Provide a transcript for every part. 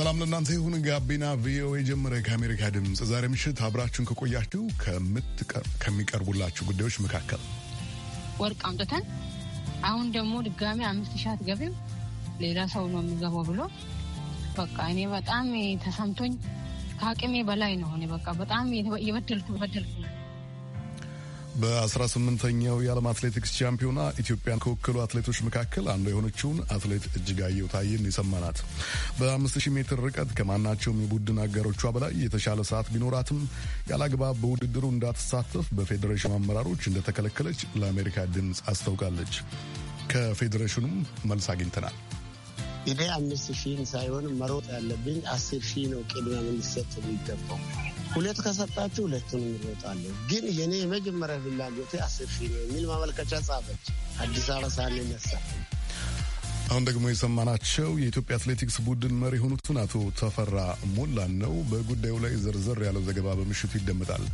ሰላም ለእናንተ ይሁን። ጋቢና ቪኦኤ ጀመረ። ከአሜሪካ ድምፅ ዛሬ ምሽት አብራችሁን ከቆያችሁ ከሚቀርቡላችሁ ጉዳዮች መካከል ወርቅ አምጥተን አሁን ደግሞ ድጋሚ አምስት ሺህ አትገቢም ሌላ ሰው ነው የሚገባው ብሎ በቃ እኔ በጣም ተሰምቶኝ ከአቅሜ በላይ ነው። እኔ በቃ በጣም የበደልኩ በደልኩ በ18ኛው የዓለም አትሌቲክስ ቻምፒዮና ኢትዮጵያን ከወከሉ አትሌቶች መካከል አንዱ የሆነችውን አትሌት እጅጋየሁ ታዬን የሰማናት በ5000 ሜትር ርቀት ከማናቸውም የቡድን አጋሮቿ በላይ የተሻለ ሰዓት ቢኖራትም ያላግባብ በውድድሩ እንዳትሳተፍ በፌዴሬሽኑ አመራሮች እንደተከለከለች ለአሜሪካ ድምፅ አስታውቃለች። ከፌዴሬሽኑም መልስ አግኝተናል። እኔ አምስት ሺህን ሳይሆን መሮጥ ያለብኝ አስር ሺህ ነው ቅድሚያ ምንሰጥ የሚገባው ሁለት ከሰጣችሁ ሁለቱን ይወጣለሁ። ግን የኔ የመጀመሪያ ፍላጎቴ አስር ሺህ ነው የሚል ማመልከቻ ጻፈች አዲስ አበባ ነሳ። አሁን ደግሞ የሰማናቸው የኢትዮጵያ አትሌቲክስ ቡድን መሪ የሆኑትን አቶ ተፈራ ሞላን ነው። በጉዳዩ ላይ ዘርዘር ያለው ዘገባ በምሽቱ ይደመጣል።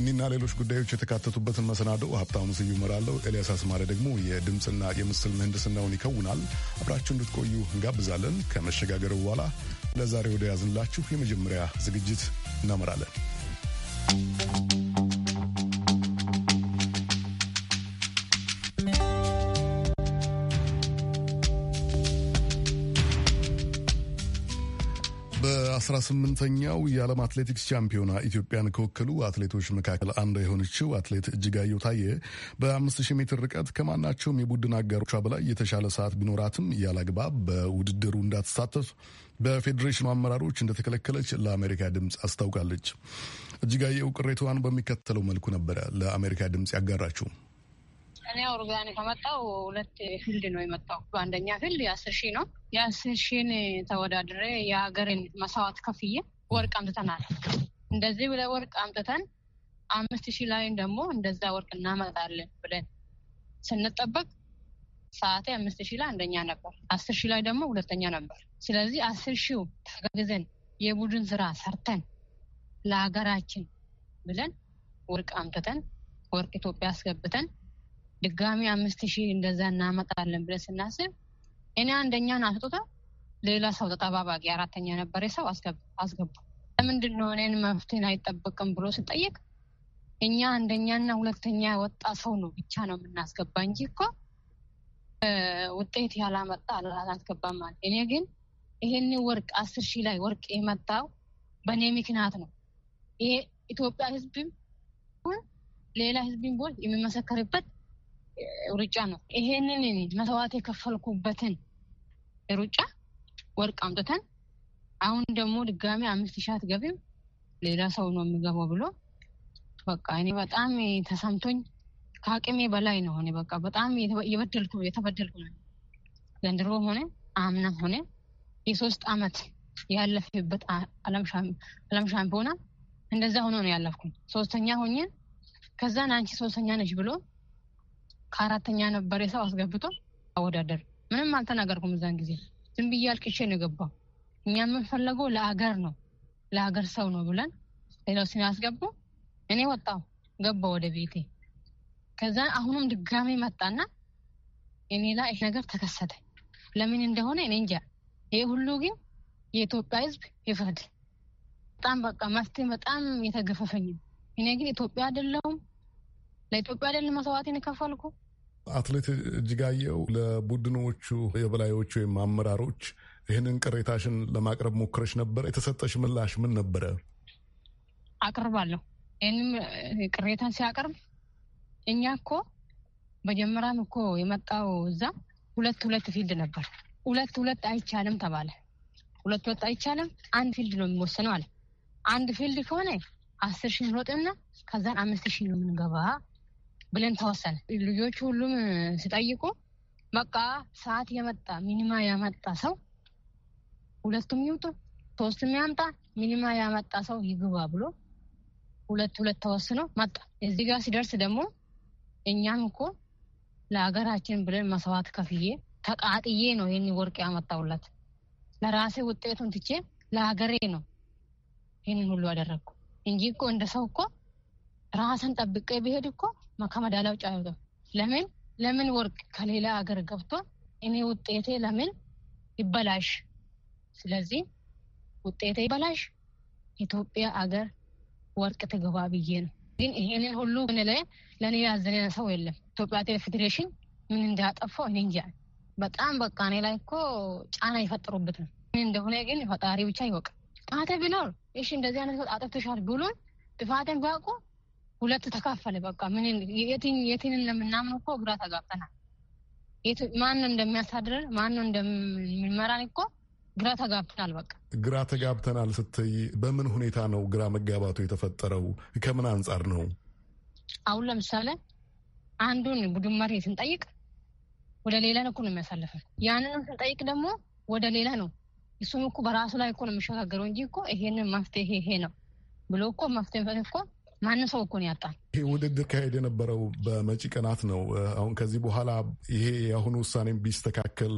እኒና ሌሎች ጉዳዮች የተካተቱበትን መሰናዶ ሀብታሙ ስዩ እመራለሁ። ኤልያስ አስማሪ ደግሞ የድምፅና የምስል ምህንድስናውን ይከውናል። አብራችሁ እንድትቆዩ እንጋብዛለን። ከመሸጋገር በኋላ ለዛሬ ወደ ያዝንላችሁ የመጀመሪያ ዝግጅት እናመራለን። 18 ኛው የዓለም አትሌቲክስ ቻምፒዮና ኢትዮጵያን ከወከሉ አትሌቶች መካከል አንዷ የሆነችው አትሌት እጅጋየሁ ታየ በ5000 ሜትር ርቀት ከማናቸውም የቡድን አጋሮቿ በላይ የተሻለ ሰዓት ቢኖራትም ያላግባብ በውድድሩ እንዳትሳተፍ በፌዴሬሽኑ አመራሮች እንደተከለከለች ለአሜሪካ ድምፅ አስታውቃለች። እጅጋየሁ ቅሬታዋን በሚከተለው መልኩ ነበረ ለአሜሪካ ድምፅ ያጋራችው። እኔ ኦርጋን ከመጣው ሁለት ፊልድ ነው የመጣው። በአንደኛ ፊልድ የአስር ሺህ ነው። የአስር ሺህን ተወዳድሬ የሀገርን መስዋዕት ከፍዬ ወርቅ አምጥተናል። እንደዚህ ብለ ወርቅ አምጥተን አምስት ሺህ ላይን ደግሞ እንደዛ ወርቅ እናመጣለን ብለን ስንጠበቅ ሰዓቴ አምስት ሺህ ላይ አንደኛ ነበር። አስር ሺህ ላይ ደግሞ ሁለተኛ ነበር። ስለዚህ አስር ሺው ተጋግዘን የቡድን ስራ ሰርተን ለሀገራችን ብለን ወርቅ አምጥተን ወርቅ ኢትዮጵያ አስገብተን ድጋሚ አምስት ሺህ እንደዛ እናመጣለን ብለን ስናስብ እኔ አንደኛን አስጡታ ሌላ ሰው ተጠባባቂ አራተኛ ነበረ ሰው አስገቡ። ለምንድን ነው እኔን መፍትሄን አይጠበቅም ብሎ ስጠየቅ እኛ አንደኛና ሁለተኛ ወጣ ሰው ነው ብቻ ነው የምናስገባ እንጂ እኮ ውጤት ያላመጣ አላስገባም ማለት። እኔ ግን ይሄን ወርቅ አስር ሺህ ላይ ወርቅ የመጣው በእኔ ምክንያት ነው። ይሄ ኢትዮጵያ ሕዝብም ሌላ ሕዝብም ቦል የሚመሰከርበት ሩጫ ነው። ይሄንን መስዋዕት የከፈልኩበትን ሩጫ ወርቅ አምጥተን አሁን ደግሞ ድጋሚ አምስት ሺህ አትገቢም ሌላ ሰው ነው የሚገባው ብሎ በቃ እኔ በጣም ተሰምቶኝ ከአቅሜ በላይ ነው ሆነ። በቃ በጣም የበደልኩ የተበደልኩ ነው። ዘንድሮ ሆነ አምና ሆነ የሶስት አመት ያለፍበት አለም ሻምፒዮና እንደዛ ሆኖ ነው ያለፍኩኝ። ሶስተኛ ሆኜ ከዛን አንቺ ሶስተኛ ነች ብሎ ከአራተኛ ነበር የሰው አስገብቶ አወዳደር። ምንም አልተናገርኩም። እዛን ጊዜ ዝም ብዬ አልቅሼ ነው የገባው። እኛ የምንፈለገው ለአገር ነው ለአገር ሰው ነው ብለን ሌላው ሲያስገቡ እኔ ወጣው ገባ ወደ ቤቴ። ከዛ አሁኑም ድጋሜ መጣና እኔ ላይ ነገር ተከሰተ። ለምን እንደሆነ እኔ እንጃ። ይህ ሁሉ ግን የኢትዮጵያ ሕዝብ ይፍርድ። በጣም በቃ መፍትሄ በጣም የተገፈፈኝ እኔ ግን ኢትዮጵያ አይደለሁም ለኢትዮጵያ አይደለም መስዋዕት የከፈልኩ አትሌት እጅጋየው ለቡድኖቹ የበላዮች ወይም አመራሮች ይህንን ቅሬታሽን ለማቅረብ ሞክረሽ ነበረ የተሰጠሽ ምላሽ ምን ነበረ? አቅርባለሁ። ይህንም ቅሬታን ሲያቀርብ እኛ እኮ መጀመሪያም እኮ የመጣው እዛ ሁለት ሁለት ፊልድ ነበር። ሁለት ሁለት አይቻልም ተባለ። ሁለት ሁለት አይቻልም፣ አንድ ፊልድ ነው የሚወሰነው አለ። አንድ ፊልድ ከሆነ አስር ሺህ ሮጥና ከዛን አምስት ሺህ ነው የምንገባ ብለን ተወሰነ። ልጆቹ ሁሉም ሲጠይቁ በቃ ሰዓት የመጣ ሚኒማ ያመጣ ሰው ሁለቱም ይውጡ፣ ሶስትም ያምጣ፣ ሚኒማ ያመጣ ሰው ይግባ ብሎ ሁለት ሁለት ተወስኖ መጣ። እዚህ ጋር ሲደርስ ደግሞ እኛም እኮ ለሀገራችን ብለን መስዋዕት ከፍዬ ተቃጥዬ ነው ይህን ወርቅ ያመጣውለት ለራሴ ውጤቱን ትቼ ለሀገሬ ነው ይህንን ሁሉ ያደረግኩ እንጂ እኮ እንደ ሰው እኮ ራስን ጠብቄ ብሄድ እኮ መከመዳላ ውጭ ለምን ለምን ወርቅ ከሌላ ሀገር ገብቶ እኔ ውጤቴ ለምን ይበላሽ? ስለዚህ ውጤቴ ይበላሽ ኢትዮጵያ ሀገር ወርቅ ትገባ ብዬ ነው። ግን ይሄንን ሁሉ ምን ላይ ለእኔ ያዘነ ሰው የለም። ኢትዮጵያ ቴሌ ፌዴሬሽን ምን እንዳጠፋው እኔ እንጃ። በጣም በቃ እኔ ላይ እኮ ጫና ይፈጥሩበት ነው። ምን እንደሆነ ግን ፈጣሪ ብቻ ይወቅ። ጣተ ቢኖር እሺ እንደዚህ አይነት ሰው አጥፍተሻል ብሎን ጥፋትን ቢያውቁ ሁለት ተካፈለ። በቃ ምን የቴንን ለምናምን እኮ ግራ ተጋብተናል። ማንም እንደሚያሳድረን ማንም እንደሚመራን እኮ ግራ ተጋብተናል። በቃ ግራ ተጋብተናል ስትይ በምን ሁኔታ ነው ግራ መጋባቱ የተፈጠረው? ከምን አንጻር ነው? አሁን ለምሳሌ አንዱን ቡድን መሪ ስንጠይቅ ወደ ሌላ እኮ ነው የሚያሳልፈን። ያንንም ስንጠይቅ ደግሞ ወደ ሌላ ነው። እሱም እኮ በራሱ ላይ እኮ ነው የሚሸጋገረው እንጂ እኮ ይሄንን መፍትሄ ይሄ ነው ብሎ እኮ መፍትሄ እኮ ማንም ሰው እኮ ነው ያጣል። ይሄ ውድድር ካሄድ የነበረው በመጪ ቀናት ነው። አሁን ከዚህ በኋላ ይሄ የአሁኑ ውሳኔም ቢስተካከል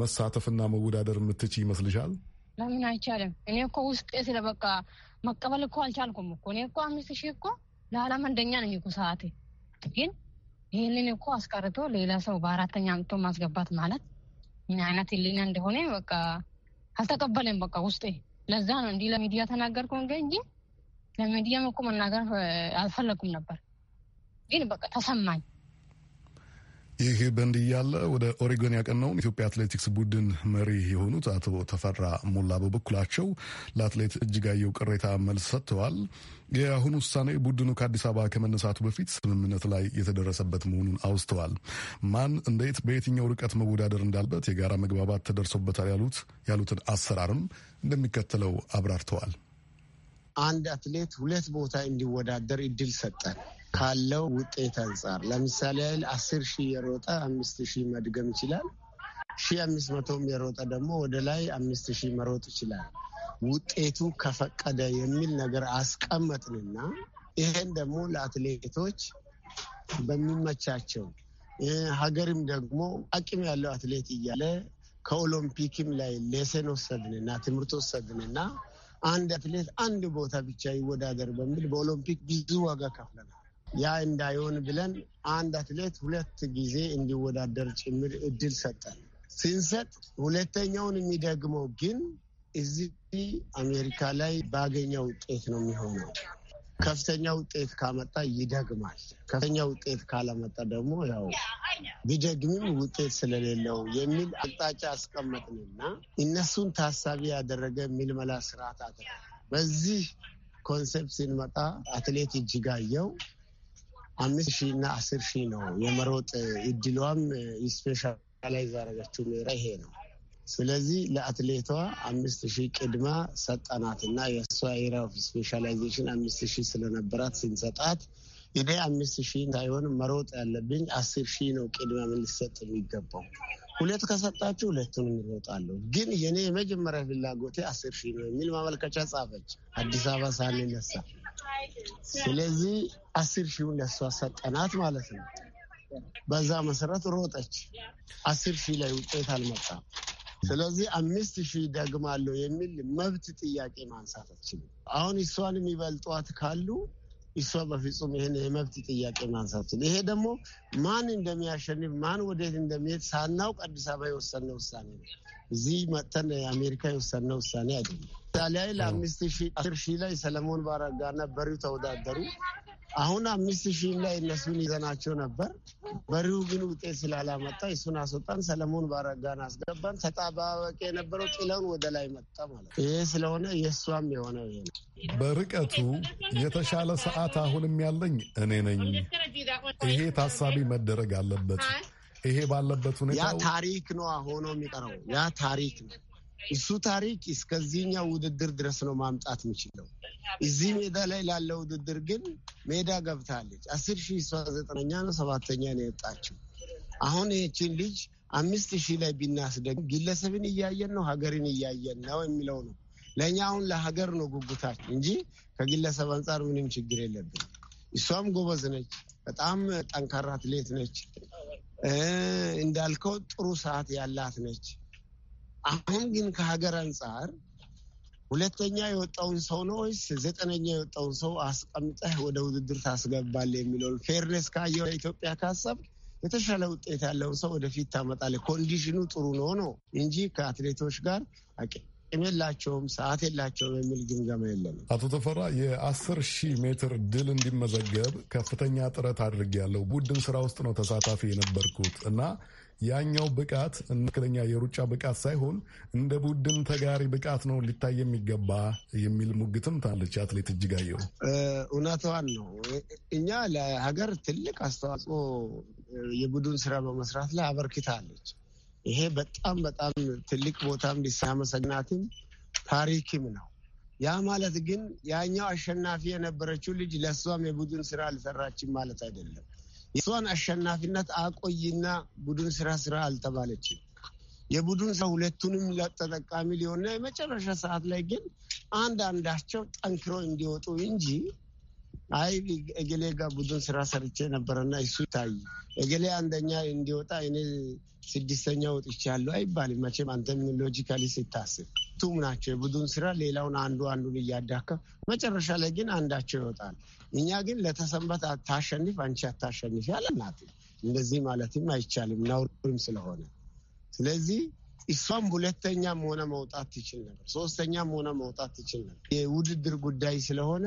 መሳተፍና መወዳደር የምትች ይመስልሻል? ለምን አይቻልም? እኔ እኮ ውስጥ ስለበቃ መቀበል እኮ አልቻልኩም እኮ እኔ እኮ አምስት ሺህ እኮ ለዓለም አንደኛ ነኝ እኮ ሰዓቴ ግን ይህንን እኮ አስቀርቶ ሌላ ሰው በአራተኛ አምጥቶ ማስገባት ማለት ምን አይነት ህሊና እንደሆነ በቃ አልተቀበለም። በቃ ውስጤ ለዛ ነው እንዲህ ለሚዲያ ተናገርኩ እንጂ ለሚዲያም እኮ መናገር አልፈለጉም ነበር፣ ግን በቃ ተሰማኝ። ይህ በእንዲህ እያለ ወደ ኦሬጎን ያቀናውን ኢትዮጵያ አትሌቲክስ ቡድን መሪ የሆኑት አቶ ተፈራ ሞላ በበኩላቸው ለአትሌት እጅጋየው ቅሬታ መልስ ሰጥተዋል። የአሁኑ ውሳኔ ቡድኑ ከአዲስ አበባ ከመነሳቱ በፊት ስምምነት ላይ የተደረሰበት መሆኑን አውስተዋል። ማን እንዴት፣ በየትኛው ርቀት መወዳደር እንዳለበት የጋራ መግባባት ተደርሶበታል ያሉት ያሉትን አሰራርም እንደሚከተለው አብራርተዋል። አንድ አትሌት ሁለት ቦታ እንዲወዳደር እድል ሰጠን። ካለው ውጤት አንጻር ለምሳሌ ያህል አስር ሺህ የሮጠ አምስት ሺህ መድገም ይችላል። ሺህ አምስት መቶም የሮጠ ደግሞ ወደ ላይ አምስት ሺህ መሮጥ ይችላል። ውጤቱ ከፈቀደ የሚል ነገር አስቀመጥንና ይሄን ደግሞ ለአትሌቶች በሚመቻቸው ሀገርም ደግሞ አቅም ያለው አትሌት እያለ ከኦሎምፒክም ላይ ሌሰን ወሰድንና ትምህርት ወሰድንና አንድ አትሌት አንድ ቦታ ብቻ ይወዳደር በሚል በኦሎምፒክ ብዙ ዋጋ ከፍለናል። ያ እንዳይሆን ብለን አንድ አትሌት ሁለት ጊዜ እንዲወዳደር ጭምር እድል ሰጠን። ሲንሰጥ ሁለተኛውን የሚደግመው ግን እዚህ አሜሪካ ላይ ባገኘ ውጤት ነው የሚሆነው። ከፍተኛ ውጤት ካመጣ ይደግማል። ከፍተኛ ውጤት ካለመጣ ደግሞ ያው ቢደግምም ውጤት ስለሌለው የሚል አቅጣጫ አስቀመጥንና እነሱን ታሳቢ ያደረገ ምልመላ ስርዓት አድረ በዚህ ኮንሴፕት ሲንመጣ አትሌት እጅጋየው አምስት ሺህ እና አስር ሺህ ነው የመሮጥ እድሏም ስፔሻላይዝ አደረገችው ሜራ ይሄ ነው። ስለዚህ ለአትሌቷ አምስት ሺህ ቅድማ ሰጠናት እና የእሷ ኤሪያ ኦፍ ስፔሻላይዜሽን አምስት ሺህ ስለነበራት ስንሰጣት እኔ አምስት ሺህ ሳይሆን መሮጥ ያለብኝ አስር ሺህ ነው ቅድማ ምንሰጥ የሚገባው ሁለት ከሰጣችሁ ሁለቱን እንሮጣለሁ፣ ግን የኔ የመጀመሪያ ፍላጎቴ አስር ሺህ ነው የሚል ማመልከቻ ጻፈች አዲስ አበባ ሳንነሳ። ስለዚህ አስር ሺውን ለሷ ሰጠናት ማለት ነው። በዛ መሰረት ሮጠች። አስር ሺህ ላይ ውጤት አልመጣም። ስለዚህ አምስት ሺህ ደግማለሁ የሚል መብት ጥያቄ ማንሳት አችልም። አሁን እሷን የሚበልጧት ካሉ እሷ በፍጹም ይህን የመብት ጥያቄ ማንሳት ችል። ይሄ ደግሞ ማን እንደሚያሸንፍ ማን ወዴት እንደሚሄድ ሳናውቅ አዲስ አበባ የወሰነ ውሳኔ ነው። እዚህ መጥተን የአሜሪካ የወሰነ ውሳኔ አይደለም። ኢጣሊያ ለአምስት ሺህ አስር ሺህ ላይ ሰለሞን ባረጋና በሪው ተወዳደሩ። አሁን አምስት ሺህ ላይ እነሱን ይዘናቸው ነበር። በሪው ግን ውጤት ስላላመጣ እሱን አስወጣን። ሰለሞን ባረጋን አስገባን። ተጣባበቀ የነበረው ጥለውን ወደ ላይ መጣ ማለት ይህ ስለሆነ የእሷም የሆነ ይሄ ነው። በርቀቱ የተሻለ ሰዓት አሁንም ያለኝ እኔ ነኝ። ይሄ ታሳቢ መደረግ አለበት። ይሄ ባለበት ሁኔታ ያ ታሪክ ነው አሁኖ የሚቀረው ያ ታሪክ ነው። እሱ ታሪክ እስከዚህኛው ውድድር ድረስ ነው ማምጣት የሚችለው። እዚህ ሜዳ ላይ ላለው ውድድር ግን ሜዳ ገብታለች። አስር ሺህ እሷ ዘጠነኛ ነው ሰባተኛ ነው የወጣችው። አሁን ይህችን ልጅ አምስት ሺህ ላይ ቢናስደግ ግለሰብን እያየን ነው ሀገርን እያየን ነው የሚለው ነው። ለእኛ አሁን ለሀገር ነው ጉጉታችን እንጂ ከግለሰብ አንጻር ምንም ችግር የለብን። እሷም ጎበዝ ነች። በጣም ጠንካራ አትሌት ነች። እንዳልከው ጥሩ ሰዓት ያላት ነች። አሁን ግን ከሀገር አንጻር ሁለተኛ የወጣውን ሰው ነው ወይስ ዘጠነኛ የወጣውን ሰው አስቀምጠህ ወደ ውድድር ታስገባለህ የሚለውን ፌርነስ ካየው ኢትዮጵያ ካሰብ የተሻለ ውጤት ያለውን ሰው ወደፊት ታመጣለ ኮንዲሽኑ ጥሩ ነው ነው እንጂ ከአትሌቶች ጋር አቅም የላቸውም፣ ሰዓት የላቸውም የሚል ግምገማ የለም። አቶ ተፈራ የአስር ሺህ ሜትር ድል እንዲመዘገብ ከፍተኛ ጥረት አድርጌያለሁ። ቡድን ስራ ውስጥ ነው ተሳታፊ የነበርኩት እና ያኛው ብቃት ትክክለኛ የሩጫ ብቃት ሳይሆን እንደ ቡድን ተጋሪ ብቃት ነው ሊታይ የሚገባ የሚል ሙግትም ታለች አትሌት እጅጋየሁ። እውነቷን ነው። እኛ ለሀገር ትልቅ አስተዋጽኦ የቡድን ስራ በመስራት ላይ አበርክታለች። ይሄ በጣም በጣም ትልቅ ቦታም ሊሳመሰግናትም ታሪክም ነው። ያ ማለት ግን ያኛው አሸናፊ የነበረችው ልጅ ለእሷም የቡድን ስራ አልሰራችም ማለት አይደለም። የእሷን አሸናፊነት አቆይና ቡድን ስራ ስራ አልተባለችም። የቡድን ሰው ሁለቱንም ተጠቃሚ ሊሆንና የመጨረሻ ሰዓት ላይ ግን አንዳንዳቸው ጠንክሮ እንዲወጡ እንጂ አይ እገሌ ጋር ቡድን ስራ ሰርቼ ነበረና እሱ ይታይ እገሌ አንደኛ እንዲወጣ እኔ ስድስተኛ ወጥቻለሁ አይባልም። መቼም አንተም ሎጂካሊ ስታስብ ሁለቱም ናቸው የቡድን ስራ ሌላውን አንዱ አንዱን እያዳከም መጨረሻ ላይ ግን አንዳቸው ይወጣል። እኛ ግን ለተሰንበት ታሸንፍ አንቺ አታሸንፍ ያለ ናት። እንደዚህ ማለትም አይቻልም ነውርም ስለሆነ ስለዚህ እሷም ሁለተኛም ሆነ መውጣት ትችል ነበር፣ ሶስተኛም ሆነ መውጣት ትችል ነበር። የውድድር ጉዳይ ስለሆነ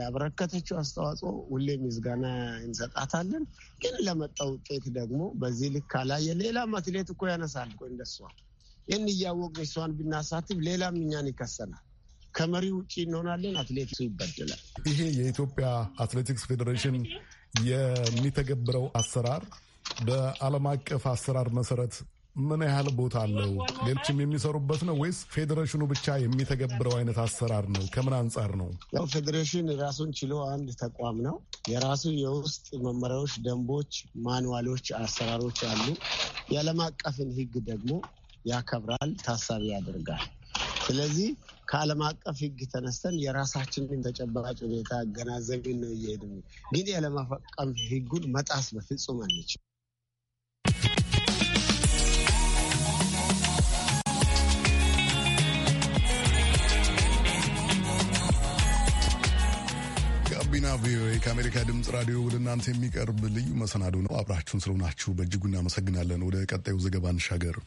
ላበረከተችው አስተዋጽኦ ሁሌ ምስጋና እንሰጣታለን። ግን ለመጣ ውጤት ደግሞ በዚህ ልክ አላየ ሌላም አትሌት እኮ ያነሳል እንደሷ ይህን እያወቅን እሷን ብናሳትፍ ሌላም እኛን ይከሰናል። ከመሪ ውጭ እንሆናለን። አትሌቲክሱ ይበደላል። ይሄ የኢትዮጵያ አትሌቲክስ ፌዴሬሽን የሚተገብረው አሰራር በዓለም አቀፍ አሰራር መሰረት ምን ያህል ቦታ አለው? ሌሎችም የሚሰሩበት ነው ወይስ ፌዴሬሽኑ ብቻ የሚተገብረው አይነት አሰራር ነው? ከምን አንጻር ነው? ያው ፌዴሬሽን ራሱን ችሎ አንድ ተቋም ነው። የራሱ የውስጥ መመሪያዎች፣ ደንቦች፣ ማንዋሎች፣ አሰራሮች አሉ። የዓለም አቀፍን ሕግ ደግሞ ያከብራል፣ ታሳቢ ያደርጋል። ስለዚህ ከዓለም አቀፍ ሕግ ተነስተን የራሳችንን ተጨባጭ ሁኔታ አገናዘብን ነው እየሄድን ግን የዓለም አቀፍ ሕጉን መጣስ በፍጹም አንችል። ጋቢና ቪኦኤ ከአሜሪካ ድምፅ ራዲዮ ወደ እናንተ የሚቀርብ ልዩ መሰናዶ ነው። አብራችሁን ስለሆናችሁ በእጅጉ እናመሰግናለን። ወደ ቀጣዩ ዘገባ እንሻገር።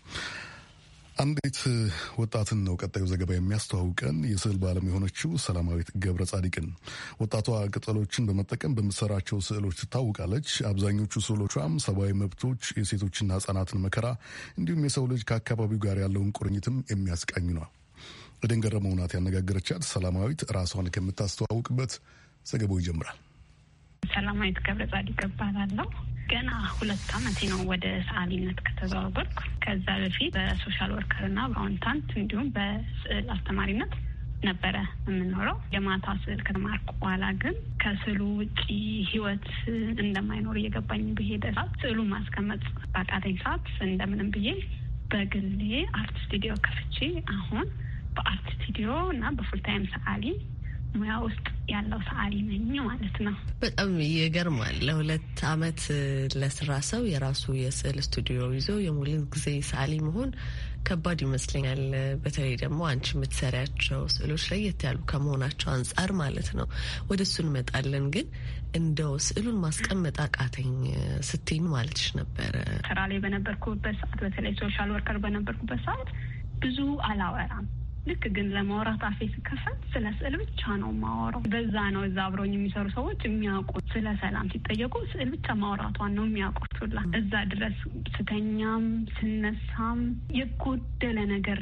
አንዲት ወጣትን ነው ቀጣዩ ዘገባ የሚያስተዋውቀን። የስዕል ባለም የሆነችው ሰላማዊት ገብረ ጻዲቅን። ወጣቷ ቅጠሎችን በመጠቀም በምትሰራቸው ስዕሎች ትታወቃለች። አብዛኞቹ ስዕሎቿም ሰብአዊ መብቶች፣ የሴቶችና ህጻናትን መከራ እንዲሁም የሰው ልጅ ከአካባቢው ጋር ያለውን ቁርኝትም የሚያስቃኝ ነው። እደን ገረመው ናት ያነጋገረቻት። ሰላማዊት ራሷን ከምታስተዋውቅበት ዘገባው ይጀምራል። ሰላማዊት ገብረ ጻዲቅ እባላለሁ። ገና ሁለት አመቴ ነው ወደ ሰዓሊነት ከተዘዋወርኩ። ከዛ በፊት በሶሻል ወርከርና በአውንታንት እንዲሁም በስዕል አስተማሪነት ነበረ የምኖረው። የማታ ስዕል ከተማርኩ በኋላ ግን ከስዕሉ ውጪ ህይወት እንደማይኖር እየገባኝ በሄደ ሰዓት ስዕሉ ማስቀመጥ በአቃተኝ ሰዓት እንደምንም ብዬ በግሌ አርት ስቱዲዮ ከፍቼ አሁን በአርት ስቱዲዮ እና በፉልታይም ሰዓሊ ሙያ ውስጥ ያለው ሰዓሊ ነኝ ማለት ነው። በጣም ይገርማል። ለሁለት አመት ለስራ ሰው የራሱ የስዕል ስቱዲዮ ይዞ የሙሉን ጊዜ ሰዓሊ መሆን ከባድ ይመስለኛል። በተለይ ደግሞ አንቺ የምትሰሪያቸው ስዕሎች ለየት ያሉ ከመሆናቸው አንጻር ማለት ነው። ወደ እሱ እንመጣለን። ግን እንደው ስዕሉን ማስቀመጥ አቃተኝ ስትኝ ማለትሽ ነበረ። ስራ ላይ በነበርኩበት ሰዓት፣ በተለይ ሶሻል ወርከር በነበርኩበት ሰዓት ብዙ አላወራም ልክ ግን ለማውራት አፌ ስከፈት ስለ ስዕል ብቻ ነው ማወራው። በዛ ነው እዛ አብረኝ የሚሰሩ ሰዎች የሚያውቁት። ስለ ሰላም ሲጠየቁ ስዕል ብቻ ማውራቷን ነው የሚያውቁት። ሁላ እዛ ድረስ ስተኛም ስነሳም የጎደለ ነገር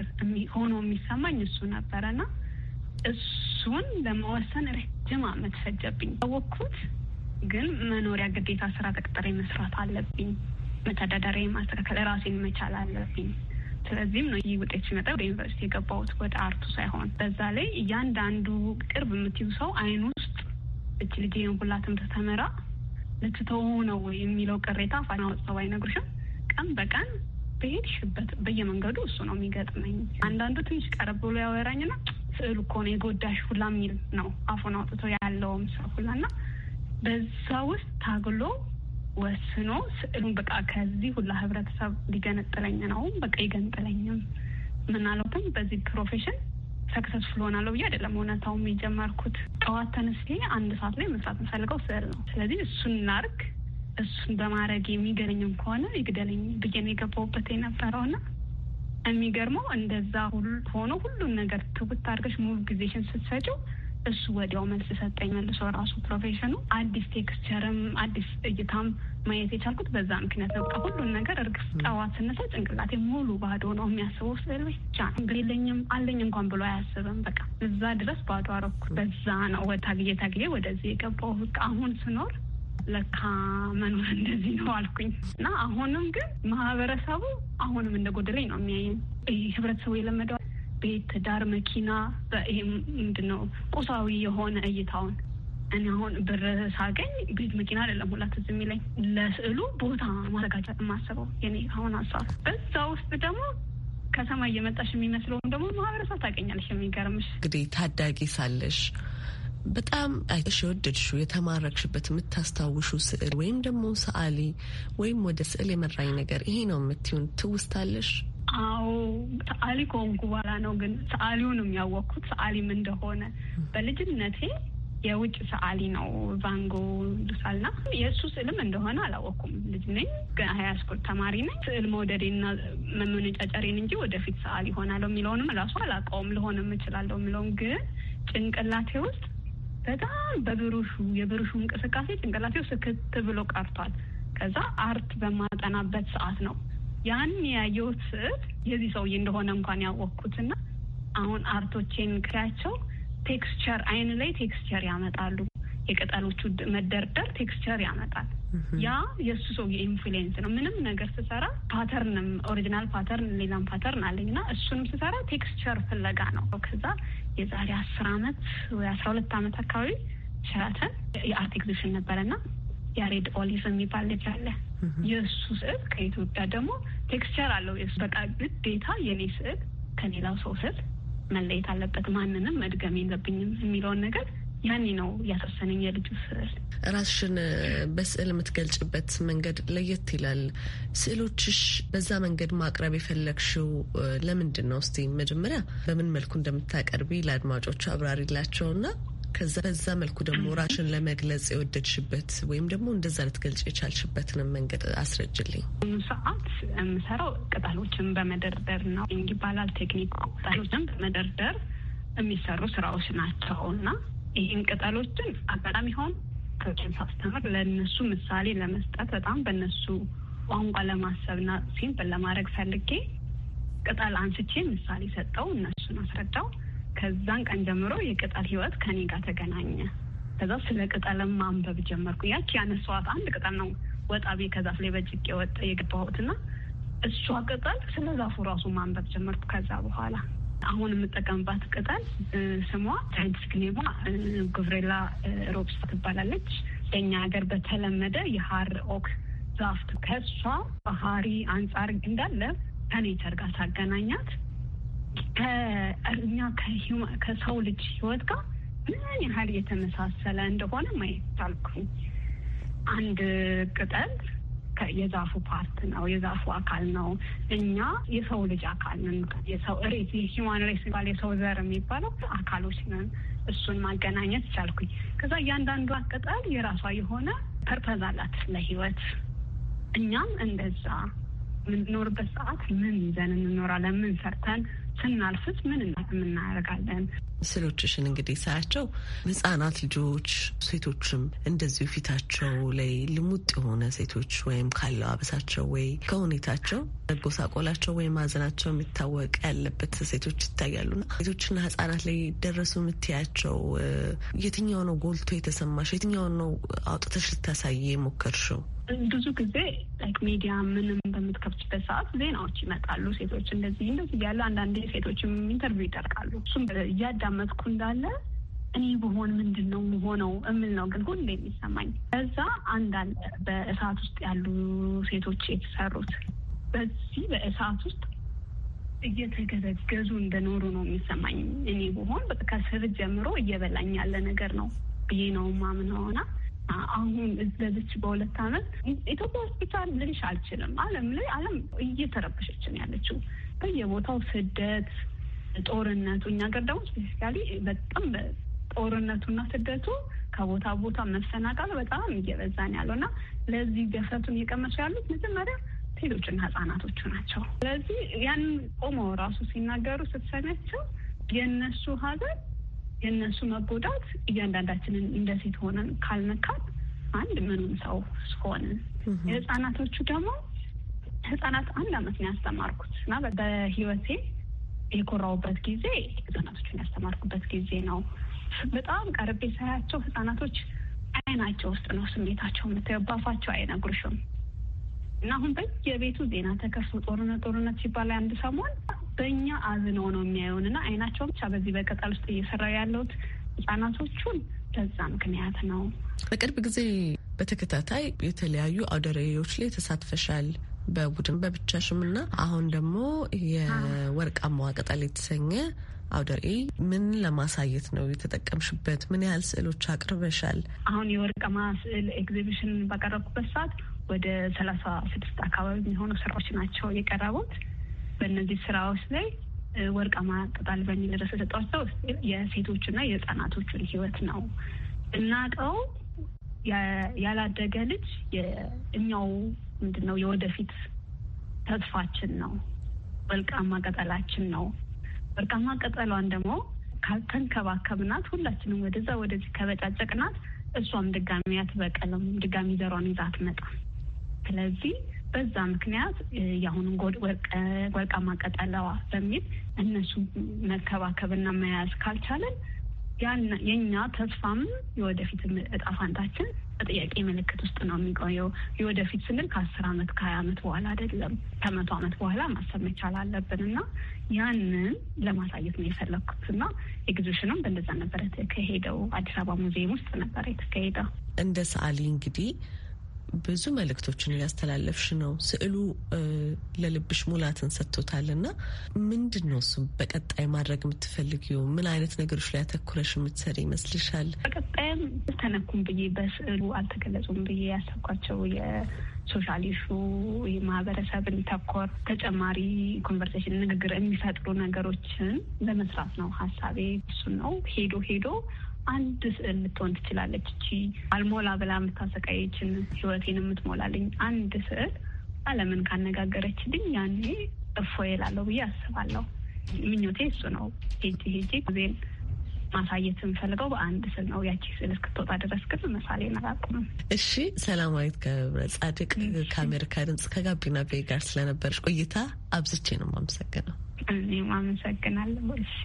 ሆኖ የሚሰማኝ እሱ ነበረና እሱን ለመወሰን ረጅም አመት ፈጀብኝ። ታወቅኩት፣ ግን መኖሪያ ግዴታ ስራ ተቀጥሬ መስራት አለብኝ። መተዳደሪያ ማስተካከል ራሴን መቻል አለብኝ። ስለዚህም ነው ይህ ውጤት ሲመጣ ወደ ዩኒቨርሲቲ የገባሁት ወደ አርቱ ሳይሆን። በዛ ላይ እያንዳንዱ ቅርብ የምትዩ ሰው አይን ውስጥ እች ልጅ ይህን ተተመራ ትምህርት ልትተው ነው የሚለው ቅሬታ ፋና ወጥተው አይነግሩሽም። ቀን በቀን በሄድሽበት በየመንገዱ እሱ ነው የሚገጥመኝ። አንዳንዱ ትንሽ ቀረብ ብሎ ያወራኝና ስዕል እኮ ነው የጎዳሽ ሁላ የሚል ነው አፉን አውጥቶ ያለውም ሰው ሁላና በዛ ውስጥ ታግሎ ወስኖ ስዕሉን በቃ ከዚህ ሁላ ህብረተሰብ ሊገነጥለኝ ነው በቃ ይገንጥለኝም ምናለውትም በዚህ ፕሮፌሽን ሰክሰስፉል ሆናለሁ ብዬ አይደለም እውነታውም የጀመርኩት። ጠዋት ተነስቼ አንድ ሰዓት ላይ መስራት የምፈልገው ስዕል ነው። ስለዚህ እሱን ላርግ፣ እሱን በማድረግ የሚገለኝም ከሆነ ይግደለኝ ብዬ ነው የገባሁበት የነበረውና የሚገርመው እንደዛ ሁሉ ሆኖ ሁሉን ነገር ትውት አድርገሽ ሙቭ ጊዜሽን ስትሰጪው እሱ ወዲያው መልስ ሰጠኝ። መልሶ ራሱ ፕሮፌሽኑ አዲስ ቴክስቸርም አዲስ እይታም ማየት የቻልኩት በዛ ምክንያት ነው። በቃ ሁሉን ነገር እርግፍ ጠዋት ስነሳ ጭንቅላቴ ሙሉ ባዶ ነው። የሚያስበው ስዕል ብቻ ነው። የለኝም አለኝ እንኳን ብሎ አያስብም። በቃ እዛ ድረስ ባዶ አረኩ። በዛ ነው ወታግዬ ታግዬ ወደዚህ የገባው። በቃ አሁን ስኖር ለካ መኖር እንደዚህ ነው አልኩኝ እና አሁንም ግን ማህበረሰቡ አሁንም እንደ ጎደለኝ ነው የሚያየኝ። ህብረተሰቡ የለመደው ቤት፣ ትዳር፣ መኪና ይሄ ምንድን ነው ቁሳዊ የሆነ እይታውን እኔ አሁን ብር ሳገኝ ቤት መኪና አይደለም ሁላት እዚህ የሚለኝ ለስዕሉ ቦታ ማዘጋጀት የማስበው የኔ አሁን ሀሳብ። በዛ ውስጥ ደግሞ ከሰማይ እየመጣሽ የሚመስለውም ደግሞ ማህበረሰብ ታገኛለሽ። የሚገርምሽ እንግዲህ ታዳጊ ሳለሽ በጣም አይተሽ የወደድሽው የተማረክሽበት የምታስታውሹ ስዕል ወይም ደግሞ ሰዓሊ ወይም ወደ ስዕል የመራኝ ነገር ይሄ ነው የምትሆን ትውስታለሽ? አዎ ሰዓሊ ከሆንኩ በኋላ ነው ግን ሰዓሊውንም ያወቅኩት ሰዓሊም እንደሆነ በልጅነቴ የውጭ ሰዓሊ ነው ቫንጎ ዱሳል ና የእሱ ስዕልም እንደሆነ አላወቅኩም። ልጅ ነኝ፣ ግን ሀያስኩል ተማሪ ነኝ። ስዕል መውደዴና መመነጫጨሬን እንጂ ወደፊት ሰዓሊ እሆናለሁ የሚለውንም ራሱ አላውቀውም። ልሆንም እችላለሁ የሚለውም ግን ጭንቅላቴ ውስጥ በጣም በብሩሹ የብሩሹ እንቅስቃሴ ጭንቅላቴ ውስጥ ክት ብሎ ቀርቷል። ከዛ አርት በማጠናበት ሰዓት ነው ያን ያየሁት ስዕል የዚህ ሰውዬ እንደሆነ እንኳን ያወቅኩትና አሁን አርቶቼን ክሪያቸው ቴክስቸር አይን ላይ ቴክስቸር ያመጣሉ። የቅጠሎቹ መደርደር ቴክስቸር ያመጣል። ያ የእሱ ሰውዬ ኢንፍሉዌንስ ነው። ምንም ነገር ስሰራ ፓተርንም ኦሪጂናል ፓተርን ሌላም ፓተርን አለኝ አለኝና እሱንም ስሰራ ቴክስቸር ፍለጋ ነው። ከዛ የዛሬ አስር አመት ወይ አስራ ሁለት አመት አካባቢ ሸራተን የአርት ኤግዚቢሽን ነበረና ያሬድ ኦሊቭ የሚባል ልጅ አለ። የእሱ ስዕል ከኢትዮጵያ ደግሞ ቴክስቸር አለው። የሱ በቃ ግዴታ የኔ ስዕል ከሌላው ሰው ስዕል መለየት አለበት፣ ማንንም መድገም የለብኝም የሚለውን ነገር ያኔ ነው ያሳሰነኝ የልጁ ስዕል። ራስሽን በስዕል የምትገልጭበት መንገድ ለየት ይላል። ስዕሎችሽ በዛ መንገድ ማቅረብ የፈለግሽው ለምንድን ነው? እስቲ መጀመሪያ በምን መልኩ እንደምታቀርቢ ለአድማጮቹ አብራሪላቸውና ከዛ በዛ መልኩ ደግሞ ራሽን ለመግለጽ የወደድሽበት ወይም ደግሞ እንደዛ ልትገልጽ የቻልሽበትን መንገድ አስረጅልኝ። ሰዓት የምሰራው ቅጠሎችን በመደርደር ነው። ይባላል ቴክኒክ ቅጠሎችን በመደርደር የሚሰሩ ስራዎች ናቸው እና ይህን ቅጠሎችን አጋጣሚ ሆን ከችን ሳስተምር ለእነሱ ምሳሌ ለመስጠት በጣም በእነሱ ቋንቋ ለማሰብና ሲምፕል ለማድረግ ፈልጌ ቅጠል አንስቼ ምሳሌ ሰጠው፣ እነሱን አስረዳው። ከዛን ቀን ጀምሮ የቅጠል ህይወት ከኔ ጋር ተገናኘ። ከዛ ስለ ቅጠልም ማንበብ ጀመርኩ። ያች ያነሷት አንድ ቅጠል ነው ወጣ ቤ ከዛፍ ላይ የወጠ ወጥ የገባሁትና እሷ ቅጠል ስለ ዛፉ ራሱ ማንበብ ጀመርኩ። ከዛ በኋላ አሁን የምጠቀምባት ቅጠል ስሟ ሳይንቲስክኔማ ጉብሬላ ሮብስ ትባላለች። በእኛ ሀገር በተለመደ የሀር ኦክ ዛፍት ከእሷ ባህሪ አንጻር እንዳለ ከኔቸር ጋር ሳገናኛት እኛ ከሰው ልጅ ህይወት ጋር ምን ያህል የተመሳሰለ እንደሆነ ማየት ቻልኩኝ። አንድ ቅጠል የዛፉ ፓርት ነው፣ የዛፉ አካል ነው። እኛ የሰው ልጅ አካል ነን። የሰው ሬስ ሂማን ሬስ የሚባል የሰው ዘር የሚባለው አካሎች ነን። እሱን ማገናኘት ቻልኩኝ። ከዛ እያንዳንዷ ቅጠል የራሷ የሆነ ፐርፐዝ አላት ለህይወት። እኛም እንደዛ የምንኖርበት ሰዓት ምን ይዘን እንኖራለን? ምን ሰርተን ስናልፍስ ምን እናደርጋለን? ምስሎችሽን እንግዲህ ሳያቸው ህጻናት ልጆች ሴቶችም እንደዚሁ ፊታቸው ላይ ልሙጥ የሆነ ሴቶች ወይም ካለባበሳቸው ወይ ከሁኔታቸው መጎሳቆላቸው ወይም ማዘናቸው የሚታወቅ ያለበት ሴቶች ና ሴቶችና ህጻናት ላይ ደረሱ የምትያቸው የትኛው ነው ጎልቶ የተሰማሽ? የትኛው ነው አውጥተሽ ልታሳየ የሞከርሽው? ብዙ ጊዜ ሚዲያ ምንም በምትከፍትበት ሰዓት ዜናዎች ይመጣሉ። ሴቶች እንደዚህ እንደዚህ እያሉ አንዳንዴ ሴቶችም ኢንተርቪው ይጠርቃሉ። እሱም እያዳመጥኩ እንዳለ እኔ ብሆን ምንድን ነው ሆነው እምል ነው ግን ሁሌ የሚሰማኝ በዛ አንዳንድ በእሳት ውስጥ ያሉ ሴቶች የተሰሩት በዚህ በእሳት ውስጥ እየተገዘገዙ እንደኖሩ ነው የሚሰማኝ። እኔ ብሆን ከስር ጀምሮ እየበላኝ ያለ ነገር ነው ብዬ ነው ሆና አሁን ለዚች በሁለት አመት ኢትዮጵያ ሆስፒታል ልልሽ አልችልም። አለም ላይ አለም እየተረበሸች ያለችው በየቦታው ስደት፣ ጦርነቱ እኛ ሀገር ደግሞ ስፔሲካሊ በጣም ጦርነቱና ስደቱ ከቦታ ቦታ መፈናቀሉ በጣም እየበዛ ያለው እና ለዚህ ገፈቱን እየቀመሱ ያሉት መጀመሪያ ሴቶችና ህጻናቶቹ ናቸው። ስለዚህ ያን ቆመው ራሱ ሲናገሩ ስትሰሚያቸው የእነሱ ሀዘን። የእነሱ መጎዳት እያንዳንዳችንን እንደ ሴት ሆነን ካልነካል አንድ ምንም ሰው ሆንን። የህጻናቶቹ ደግሞ ህጻናት አንድ አመት ነው ያስተማርኩት እና በህይወቴ የኮራውበት ጊዜ ህጻናቶችን ያስተማርኩበት ጊዜ ነው። በጣም ቀርቤ ሳያቸው ህጻናቶች አይናቸው ውስጥ ነው ስሜታቸው የምታየው፣ ባፋቸው አይነግሩሽም። እና አሁን በየቤቱ ዜና ተከፍቶ ጦርነት ጦርነት ሲባል አንድ ሰሞን በእኛ አዝነው ነው የሚያዩን እና አይናቸው ብቻ በዚህ በቅጠል ውስጥ እየሰራ ያለውት ህጻናቶቹን በዛ ምክንያት ነው። በቅርብ ጊዜ በተከታታይ የተለያዩ አውደ ርዕዮች ላይ ተሳትፈሻል። በቡድን በብቻሽም እና አሁን ደግሞ የወርቃማዋ ቅጠል የተሰኘ አውደ ርዕይ ምን ለማሳየት ነው የተጠቀምሽበት? ምን ያህል ስዕሎች አቅርበሻል? አሁን የወርቃማ ስዕል ኤግዚቢሽን ባቀረብኩበት ሰዓት ወደ ሰላሳ ስድስት አካባቢ የሚሆኑ ስራዎች ናቸው የቀረቡት። በእነዚህ ስራዎች ላይ ወርቃማ ቅጠል በሚል ርዕስ የሰጧቸው የሴቶችና የህፃናቶችን ህይወት ነው። እናቀው ያላደገ ልጅ እኛው ምንድን ነው የወደፊት ተስፋችን ነው። ወርቃማ ቅጠላችን ነው። ወርቃማ ቅጠሏን ደግሞ ካልተንከባከብናት፣ ሁላችንም ወደዛ ወደዚህ ከበጫጨቅናት፣ እሷም ድጋሚ አትበቀልም። ድጋሚ ዘሯን ይዛ አትመጣም። ስለዚህ በዛ ምክንያት የአሁኑ ወርቃማ ቀጠለዋ በሚል እነሱ መከባከብና መያዝ ካልቻለን የእኛ ተስፋም የወደፊት እጣ ፋንታችን በጥያቄ ምልክት ውስጥ ነው የሚቆየው። የወደፊት ስንል ከአስር ዓመት ከሀያ ዓመት በኋላ አይደለም ከመቶ ዓመት በኋላ ማሰብ መቻል አለብን እና ያንን ለማሳየት ነው የፈለግኩት እና ኤግዚቢሽኑም በእንደዛ ነበረ ከሄደው አዲስ አበባ ሙዚየም ውስጥ ነበረ የተካሄደው። እንደ ሰዓሊ እንግዲህ ብዙ መልእክቶችን እያስተላለፍሽ ነው። ስዕሉ ለልብሽ ሙላትን ሰጥቶታል እና ምንድን ነው እሱ በቀጣይ ማድረግ የምትፈልጊው? ምን አይነት ነገሮች ላይ ያተኩረሽ የምትሰሪ ይመስልሻል? በቀጣይም ተነኩም ብዬ በስዕሉ አልተገለጹም ብዬ ያሰብኳቸው የሶሻል ኢሹ የማህበረሰብን ተኮር ተጨማሪ ኮንቨርሴሽን፣ ንግግር የሚፈጥሩ ነገሮችን ለመስራት ነው ሀሳቤ። እሱ ነው ሄዶ ሄዶ አንድ ስዕል ልትሆን ትችላለች። እቺ አልሞላ ብላ የምታሰቃየችን ህይወቴን የምትሞላልኝ አንድ ስዕል አለምን ካነጋገረችልኝ ያኔ እፎ እላለሁ ብዬ አስባለሁ። ምኞቴ እሱ ነው። ሄጂ ሄጂ ጊዜን ማሳየት የምፈልገው በአንድ ስል ነው። ያቺ ስል እስክትወጣ ድረስ ግን መሳሌ ነራቁም። እሺ፣ ሰላማዊት ገብረ ጻድቅ ከአሜሪካ ድምጽ ከጋቢና ቤ ጋር ስለነበረች ቆይታ አብዝቼ ነው የማመሰግነው። እኔም አመሰግናለሁ። እሺ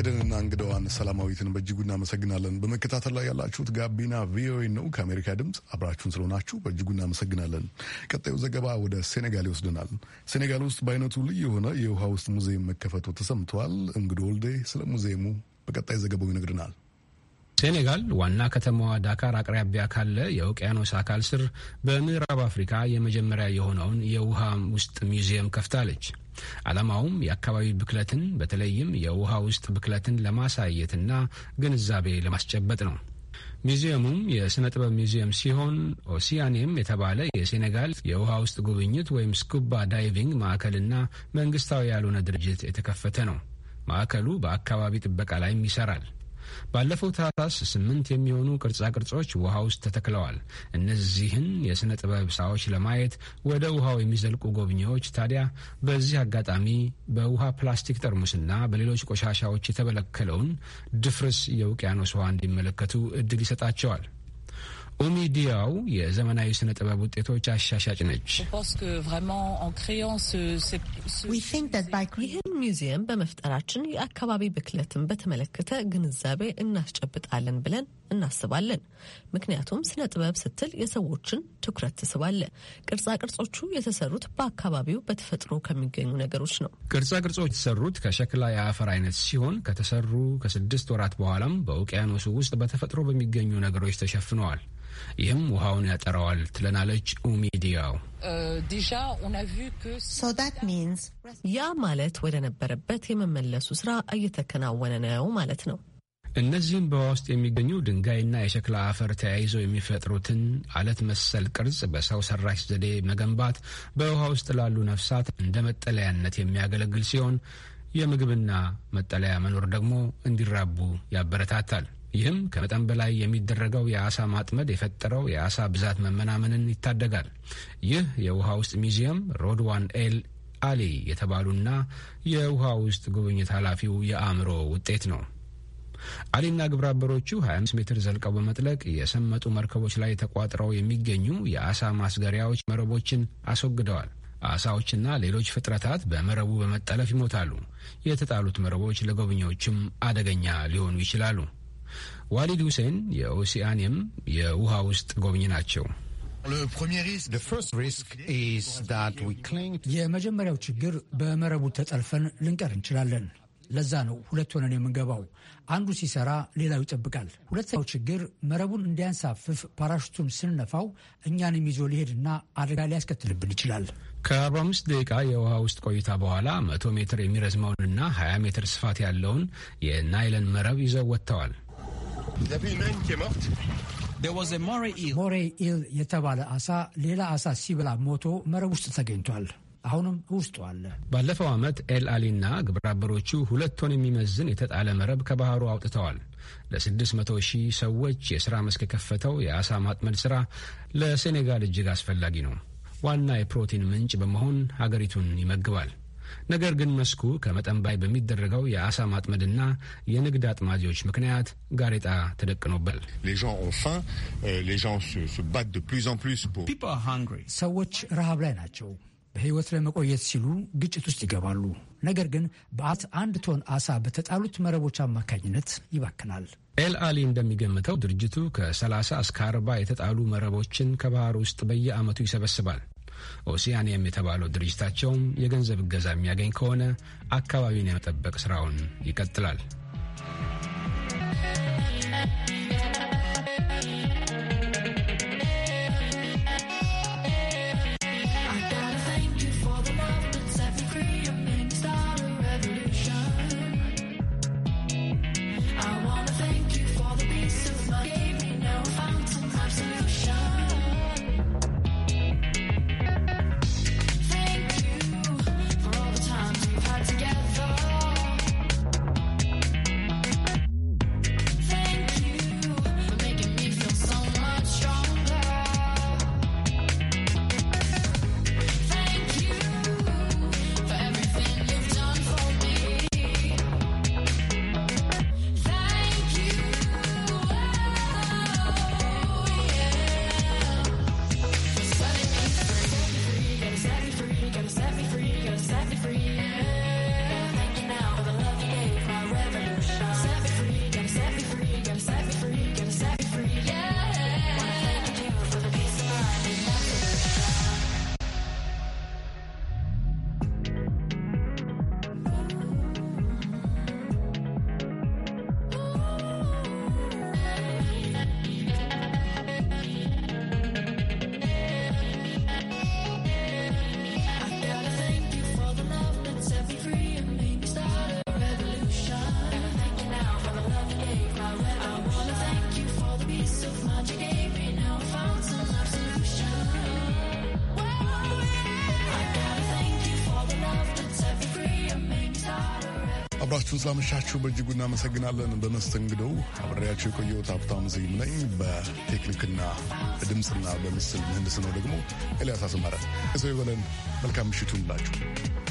ኤደንና እንግዳዋን ሰላማዊትን በእጅጉ እናመሰግናለን። በመከታተል ላይ ያላችሁት ጋቢና ቪኦኤ ነው ከአሜሪካ ድምፅ። አብራችሁን ስለሆናችሁ በእጅጉ እናመሰግናለን። ቀጣዩ ዘገባ ወደ ሴኔጋል ይወስደናል። ሴኔጋል ውስጥ በአይነቱ ልዩ የሆነ የውሃ ውስጥ ሙዚየም መከፈቱ ተሰምተዋል። እንግዶ ወልዴ ስለ ሙዚየሙ በቀጣይ ዘገባው ይነግርናል። ሴኔጋል ዋና ከተማዋ ዳካር አቅራቢያ ካለ የውቅያኖስ አካል ስር በምዕራብ አፍሪካ የመጀመሪያ የሆነውን የውሃ ውስጥ ሚውዚየም ከፍታለች። ዓላማውም የአካባቢ ብክለትን በተለይም የውሃ ውስጥ ብክለትን ለማሳየትና ግንዛቤ ለማስጨበጥ ነው። ሚዚየሙም የሥነ ጥበብ ሚዚየም ሲሆን ኦሲያኔም የተባለ የሴኔጋል የውሃ ውስጥ ጉብኝት ወይም ስኩባ ዳይቪንግ ማዕከልና መንግስታዊ ያልሆነ ድርጅት የተከፈተ ነው። ማዕከሉ በአካባቢ ጥበቃ ላይም ይሰራል። ባለፈው ታህሳስ ስምንት የሚሆኑ ቅርጻ ቅርጾች ውሃ ውስጥ ተተክለዋል። እነዚህን የሥነ ጥበብ ስራዎች ለማየት ወደ ውሃው የሚዘልቁ ጎብኚዎች ታዲያ በዚህ አጋጣሚ በውሃ ፕላስቲክ ጠርሙስና በሌሎች ቆሻሻዎች የተበለከለውን ድፍርስ የውቅያኖስ ውሃ እንዲመለከቱ እድል ይሰጣቸዋል። ኦሚዲያው የዘመናዊ ስነ ጥበብ ውጤቶች አሻሻጭ ነች። ይህን ሚዚየም በመፍጠራችን የአካባቢ ብክለትን በተመለከተ ግንዛቤ እናስጨብጣለን ብለን እናስባለን። ምክንያቱም ስነ ጥበብ ስትል የሰዎችን ትኩረት ትስባለ። ቅርጻ ቅርጾቹ የተሰሩት በአካባቢው በተፈጥሮ ከሚገኙ ነገሮች ነው። ቅርጻ ቅርጾች የተሰሩት ከሸክላ የአፈር አይነት ሲሆን ከተሰሩ ከስድስት ወራት በኋላም በውቅያኖሱ ውስጥ በተፈጥሮ በሚገኙ ነገሮች ተሸፍነዋል። ይህም ውሃውን ያጠራዋል ትለናለች ኡሚዲያው። ያ ማለት ወደ ነበረበት የመመለሱ ስራ እየተከናወነ ነው ማለት ነው። እነዚህም በውሃ ውስጥ የሚገኙ ድንጋይና የሸክላ አፈር ተያይዘው የሚፈጥሩትን አለት መሰል ቅርጽ በሰው ሰራሽ ዘዴ መገንባት በውሃ ውስጥ ላሉ ነፍሳት እንደ መጠለያነት የሚያገለግል ሲሆን የምግብና መጠለያ መኖር ደግሞ እንዲራቡ ያበረታታል። ይህም ከመጠን በላይ የሚደረገው የአሳ ማጥመድ የፈጠረው የአሳ ብዛት መመናመንን ይታደጋል። ይህ የውሃ ውስጥ ሚዚየም ሮድዋን ኤል አሊ የተባሉና የውሃ ውስጥ ጉብኝት ኃላፊው የአእምሮ ውጤት ነው። አሊና ግብረአበሮቹ 25 ሜትር ዘልቀው በመጥለቅ የሰመጡ መርከቦች ላይ ተቋጥረው የሚገኙ የአሳ ማስገሪያዎች መረቦችን አስወግደዋል። አሳዎችና ሌሎች ፍጥረታት በመረቡ በመጠለፍ ይሞታሉ። የተጣሉት መረቦች ለጎብኚዎችም አደገኛ ሊሆኑ ይችላሉ። ዋሊድ ሁሴን የኦሲአኒየም የውሃ ውስጥ ጎብኝ ናቸው። የመጀመሪያው ችግር በመረቡ ተጠልፈን ልንቀር እንችላለን። ለዛ ነው ሁለት ሆነን የምንገባው። አንዱ ሲሰራ ሌላው ይጠብቃል። ሁለተኛው ችግር መረቡን እንዲያንሳፍፍ ፓራሹቱን ስንነፋው እኛንም ይዞ ሊሄድና አደጋ ሊያስከትልብን ይችላል። ከ45 ደቂቃ የውሃ ውስጥ ቆይታ በኋላ 100 ሜትር የሚረዝመውንና 20 ሜትር ስፋት ያለውን የናይለን መረብ ይዘው ወጥተዋል። ሞሬ ኢል የተባለ አሳ ሌላ አሳ ሲብላ ሞቶ መረብ ውስጥ ተገኝቷል። አሁንም ውስጡ አለ። ባለፈው ዓመት ኤል አሊና ግብረአበሮቹ ሁለት ቶን የሚመዝን የተጣለ መረብ ከባህሩ አውጥተዋል። ለ600 ሺህ ሰዎች የሥራ መስክ የከፈተው የአሳ ማጥመድ ሥራ ለሴኔጋል እጅግ አስፈላጊ ነው። ዋና የፕሮቲን ምንጭ በመሆን ሀገሪቱን ይመግባል። ነገር ግን መስኩ ከመጠን በላይ በሚደረገው የአሳ ማጥመድና የንግድ አጥማጆች ምክንያት ጋሬጣ ተደቅኖበል። euh, ሰዎች ረሃብ ላይ ናቸው። በሕይወት ለመቆየት ሲሉ ግጭት ውስጥ ይገባሉ። ነገር ግን በአት አንድ ቶን አሳ በተጣሉት መረቦች አማካኝነት ይባክናል። ኤል አሊ እንደሚገምተው ድርጅቱ ከ30 እስከ 40 የተጣሉ መረቦችን ከባህር ውስጥ በየዓመቱ ይሰበስባል። ኦሲያኒየም የተባለው ድርጅታቸውም የገንዘብ እገዛ የሚያገኝ ከሆነ አካባቢን የመጠበቅ ስራውን ይቀጥላል። አብራችሁን ስላመሻችሁ በእጅጉ እናመሰግናለን። በመስተንግደው አብሬያቸው የቆየሁት ሀብታም ስዩም ነኝ። በቴክኒክና በድምፅና በምስል ምህንድስ ነው ደግሞ ኤልያስ አስማረ። የሰው ይበለን። መልካም ምሽቱን ላችሁ